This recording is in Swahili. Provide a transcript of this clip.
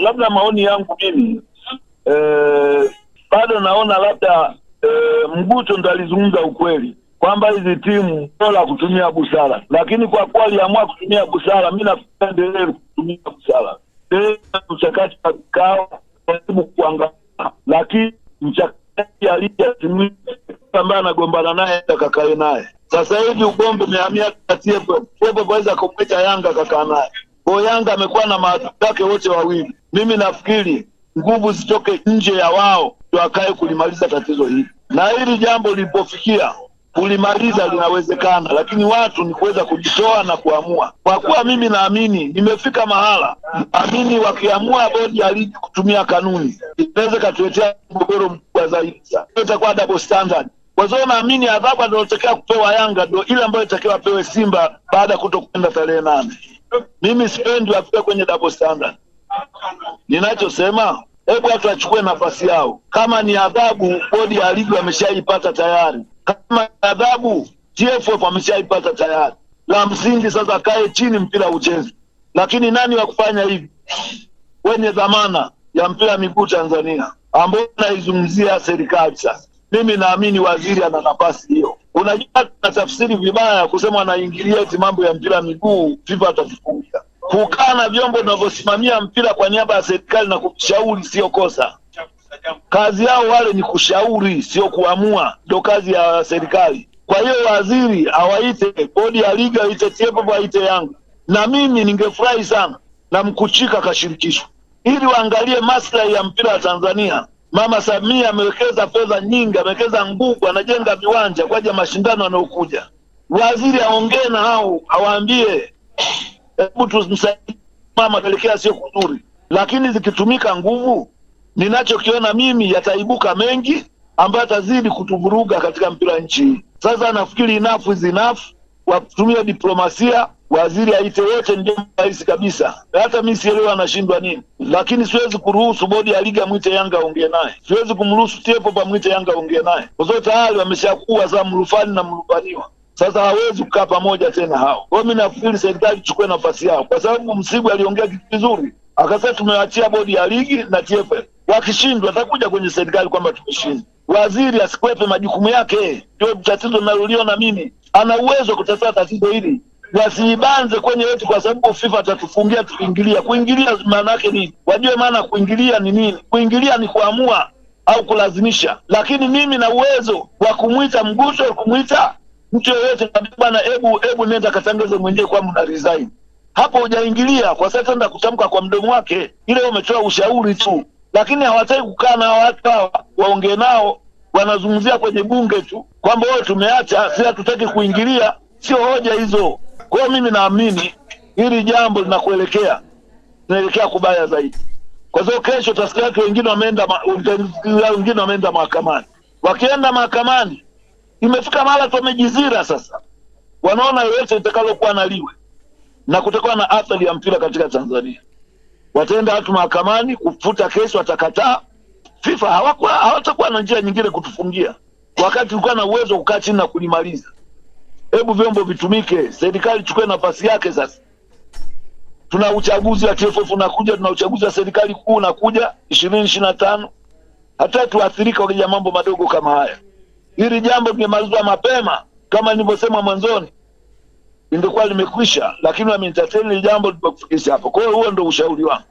labda maoni yangu mimi e, bado naona labda e, eh, Mguto ndo alizungumza ukweli kwamba hizi timu bora kutumia busara, lakini kwa kuwa aliamua kutumia busara, mi naendelee kutumia busara eh, mchakati wa kikao karibu kuangalia, lakini mchakato aliyatimia ambaye anagombana naye akakae naye. Sasa hivi ugombe umehamia TFF, TFF waweza kumwita Yanga akakaa naye. Kwa Yanga amekuwa na maadui zake wote wawili. Mimi nafikiri nguvu zitoke nje ya wao tuakae kulimaliza tatizo hili, na hili jambo lilipofikia kulimaliza linawezekana, lakini watu ni kuweza kujitoa na kuamua. Kwa kuwa mimi naamini nimefika mahala, amini wakiamua bodi ya ligi kutumia kanuni inaweza katuletea mgogoro mkubwa zaidi, itakuwa double standard. Kwa hiyo naamini adhabu anayotakiwa kupewa Yanga ndio ile ambayo itakiwa apewe Simba baada ya kuto kwenda tarehe nane. Mimi sipendi wafike kwenye double standard. Ninachosema, hebu watu wachukue nafasi yao. Kama ni adhabu, bodi ya ligi wameshaipata tayari. Kama ni adhabu, TFF wameshaipata tayari. La msingi sasa, kae chini, mpira ucheze. Lakini nani wa kufanya hivi? Wenye dhamana ya mpira miguu Tanzania, ambao naizungumzia serikali. Sasa mimi naamini waziri ana nafasi hiyo. Unajua tafsiri vibaya kusema anaingilia eti mambo ya mpira miguu, FIFA atatufungia Kukaa na vyombo vinavyosimamia mpira kwa niaba ya serikali na kushauri sio kosa. Kazi yao wale ni kushauri, sio kuamua, ndio kazi ya serikali. Kwa hiyo waziri awaite bodi ya liga, aite tiepo aite yangu na mimi ningefurahi sana na Mkuchika akashirikishwa, ili waangalie maslahi ya mpira wa Tanzania. Mama Samia amewekeza fedha nyingi, amewekeza nguvu, anajenga viwanja kwa ajili ya mashindano yanayokuja. Waziri aongee na hao, awaambie hebu tumsaidie mama, kuelekea sio kuzuri, lakini zikitumika nguvu, ninachokiona mimi, yataibuka mengi ambayo atazidi kutuvuruga katika mpira nchi. hii Sasa nafikiri enough is enough, watumie diplomasia waziri aite wote, ndio rahisi kabisa. Hata mi sielewa anashindwa nini, lakini siwezi kuruhusu bodi ya ligi amwite Yanga aongee naye, siwezi kumruhusu Tepopa amwite Yanga aongee naye, kwa sababu tayari wameshakuwa saa mrufani na mrufaniwa. Sasa hawezi kukaa pamoja tena hao. Kwa hiyo mi nafikiri serikali chukue nafasi yao, kwa sababu Msibu aliongea kitu kizuri, akasema tumewachia bodi ya ligi na TFF, wakishindwa atakuja kwenye serikali kwamba tumeshinda. Waziri asikwepe majukumu yake, ndio tatizo linaloliona mimi. Ana uwezo wa kutatua tatizo hili wasiibanze kwenye wetu kwa sababu FIFA atatufungia tukiingilia. Kuingilia maana yake nini? Wajue maana kuingilia ni nini? Kuingilia ni kuamua au kulazimisha, lakini mimi na uwezo wa kumwita mguso, kumwita mtu yoyote bwana, hebu hebu nenda katangaze mwenyewe kwamba una resign. Hapo hujaingilia, kwa sasa nenda kutamka kwa mdomo wake, ile umetoa ushauri tu, lakini hawataki kukaa na watu hawa waongee nao. Wanazungumzia kwenye bunge tu kwamba wewe tumeacha, si hatutaki kuingilia. Sio hoja hizo. Kwa hiyo mimi naamini hili jambo linakuelekea linaelekea kubaya zaidi, kwa sababu kesho utasikia watu wengine wameenda, wengine wameenda mahakamani. Wakienda mahakamani, imefika mahala tumejizira sasa, wanaona yoyote itakalokuwa naliwe na kutakuwa na athari ya mpira katika Tanzania. Wataenda watu mahakamani kufuta kesi, watakataa. FIFA hawatakuwa na njia nyingine kutufungia, wakati ulikuwa na uwezo wa kukaa chini na kulimaliza. Hebu vyombo vitumike, serikali chukue nafasi yake. Sasa tuna uchaguzi wa TFF unakuja, tuna uchaguzi wa serikali kuu unakuja ishirini ishirini na tano. Hata tuathirika wakija mambo madogo kama haya. Hili jambo lingemalizwa mapema, kama nilivyosema mwanzoni, lingekuwa limekwisha, lakini wameentertain jambo lilokufikisha hapo. Kwa hiyo huo ndo ushauri wangu.